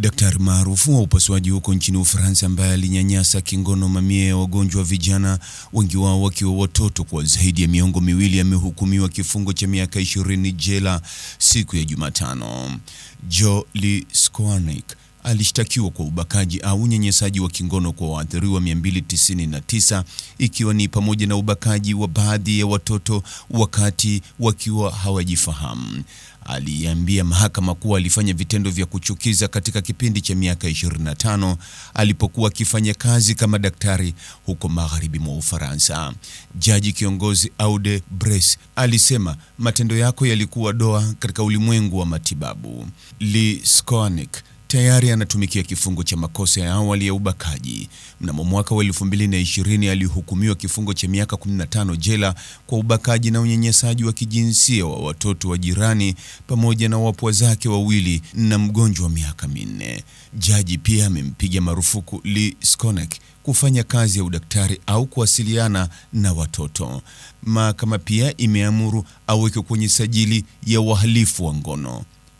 Daktari maarufu wa upasuaji huko nchini Ufaransa ambaye alinyanyasa kingono mamia ya wagonjwa vijana, wengi wao wakiwa watoto, kwa zaidi ya miongo miwili amehukumiwa kifungo cha miaka 20 jela siku ya Jumatano. jo Lee Squarnick alishtakiwa kwa ubakaji au unyenyesaji wa kingono kwa waathiriwa 299 ikiwa ni pamoja na ubakaji wa baadhi ya watoto wakati wakiwa hawajifahamu. Aliambia mahakama kuwa alifanya vitendo vya kuchukiza katika kipindi cha miaka 25 alipokuwa akifanya kazi kama daktari huko magharibi mwa Ufaransa. Jaji kiongozi Aude Bress alisema matendo yako yalikuwa doa katika ulimwengu wa matibabu. Lee Skornik tayari anatumikia kifungo cha makosa ya awali ya ubakaji. Mnamo mwaka wa 2020 alihukumiwa kifungo cha miaka 15 jela kwa ubakaji na unyanyasaji wa kijinsia wa watoto wa jirani pamoja na wapwa zake wawili na mgonjwa wa miaka minne. Jaji pia amempiga marufuku Lee Skonek kufanya kazi ya udaktari au kuwasiliana na watoto. Mahakama pia imeamuru awekwe kwenye sajili ya wahalifu wa ngono.